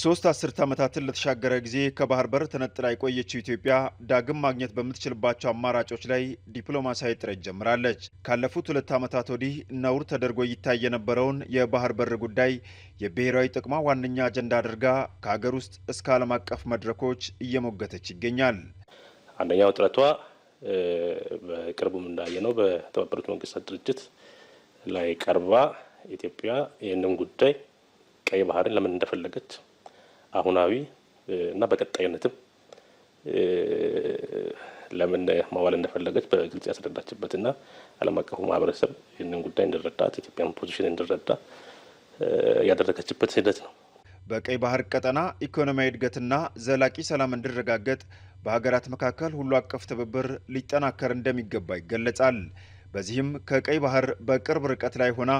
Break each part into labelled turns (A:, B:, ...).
A: ሶስት አስርት ዓመታትን ለተሻገረ ጊዜ ከባህር በር ተነጥላ የቆየችው ኢትዮጵያ ዳግም ማግኘት በምትችልባቸው አማራጮች ላይ ዲፕሎማሲያዊ ጥረት ጀምራለች። ካለፉት ሁለት ዓመታት ወዲህ ነውር ተደርጎ ይታይ የነበረውን የባህር በር ጉዳይ የብሔራዊ ጥቅሟ ዋነኛ አጀንዳ አድርጋ ከሀገር ውስጥ እስከ ዓለም አቀፍ መድረኮች እየሞገተች ይገኛል።
B: አንደኛው ጥረቷ በቅርቡም እንዳየነው በተባበሩት መንግስታት ድርጅት ላይ ቀርባ ኢትዮጵያ ይህንን ጉዳይ ቀይ ባህርን ለምን እንደፈለገች አሁናዊ እና በቀጣይነትም ለምን ማዋል እንደፈለገች በግልጽ ያስረዳችበትና ዓለም አቀፉ ማህበረሰብ ይህንን ጉዳይ እንድረዳት ኢትዮጵያን ፖዚሽን እንድረዳ ያደረገችበት ሂደት ነው።
A: በቀይ ባህር ቀጠና ኢኮኖሚያዊ እድገትና ዘላቂ ሰላም እንዲረጋገጥ በሀገራት መካከል ሁሉ አቀፍ ትብብር ሊጠናከር እንደሚገባ ይገለጻል። በዚህም ከቀይ ባህር በቅርብ ርቀት ላይ ሆና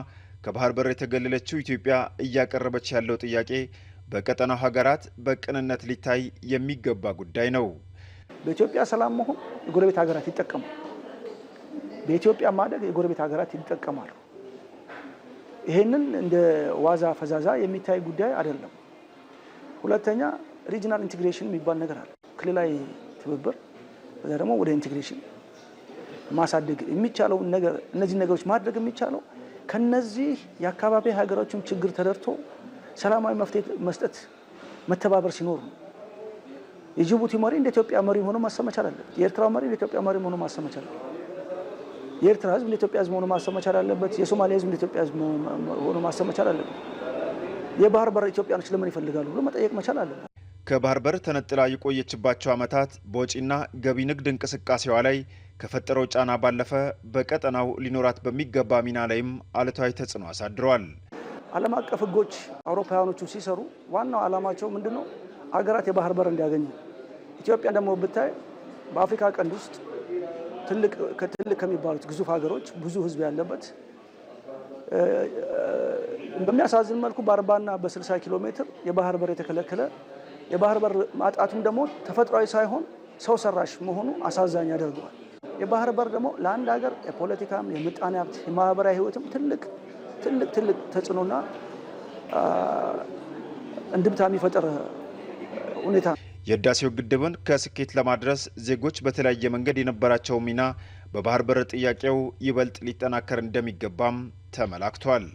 A: ከባህር በር የተገለለችው ኢትዮጵያ እያቀረበች ያለው ጥያቄ በቀጠናው ሀገራት በቅንነት ሊታይ የሚገባ ጉዳይ ነው።
C: በኢትዮጵያ ሰላም መሆን የጎረቤት ሀገራት ይጠቀማል። በኢትዮጵያ ማደግ የጎረቤት ሀገራት ይጠቀማሉ። ይህንን እንደ ዋዛ ፈዛዛ የሚታይ ጉዳይ አይደለም። ሁለተኛ ሪጅናል ኢንቴግሬሽን የሚባል ነገር አለ። ክልላዊ ትብብር በዛ ደግሞ ወደ ኢንቴግሬሽን ማሳደግ የሚቻለው ነገር እነዚህ ነገሮች ማድረግ የሚቻለው ከነዚህ የአካባቢ ሀገሮችም ችግር ተደርቶ ሰላማዊ መፍትሄ መስጠት መተባበር ሲኖር ነው። የጅቡቲ መሪ እንደ ኢትዮጵያ መሪ ሆኖ ማሰብ መቻል አለበት። የኤርትራ መሪ እንደ ኢትዮጵያ መሪ ሆኖ ማሰብ መቻል አለበት። የኤርትራ ሕዝብ እንደ ኢትዮጵያ ሕዝብ ሆኖ ማሰብ መቻል አለበት። የሶማሊያ ሕዝብ እንደ ኢትዮጵያ ሕዝብ ሆኖ ማሰብ መቻል አለበት። የባህር በር ኢትዮጵያኖች ለምን ይፈልጋሉ ብሎ መጠየቅ መቻል አለበት።
A: ከባህር በር ተነጥላ የቆየችባቸው ዓመታት በወጪና ገቢ ንግድ እንቅስቃሴዋ ላይ ከፈጠረው ጫና ባለፈ በቀጠናው ሊኖራት በሚገባ ሚና ላይም አሉታዊ ተጽዕኖ አሳድሯል።
C: ዓለም አቀፍ ህጎች አውሮፓውያኖቹ ሲሰሩ ዋናው ዓላማቸው ምንድን ነው? አገራት የባህር በር እንዲያገኙ። ኢትዮጵያ ደግሞ ብታይ በአፍሪካ ቀንድ ውስጥ ትልቅ ከሚባሉት ግዙፍ ሀገሮች ብዙ ህዝብ ያለበት በሚያሳዝን መልኩ በአርባና በስልሳ ኪሎ ሜትር የባህር በር የተከለከለ የባህር በር ማጣቱም ደግሞ ተፈጥሯዊ ሳይሆን ሰው ሰራሽ መሆኑ አሳዛኝ ያደርገዋል። የባህር በር ደግሞ ለአንድ ሀገር የፖለቲካም፣ የምጣኔ ሀብት፣ የማህበራዊ ህይወትም ትልቅ ትልቅ ትልቅ ተጽዕኖና እንድምታ የሚፈጠር ሁኔታ ነው።
A: የህዳሴው ግድብን ከስኬት ለማድረስ ዜጎች በተለያየ መንገድ የነበራቸው ሚና በባህር በር ጥያቄው ይበልጥ ሊጠናከር እንደሚገባም ተመላክቷል።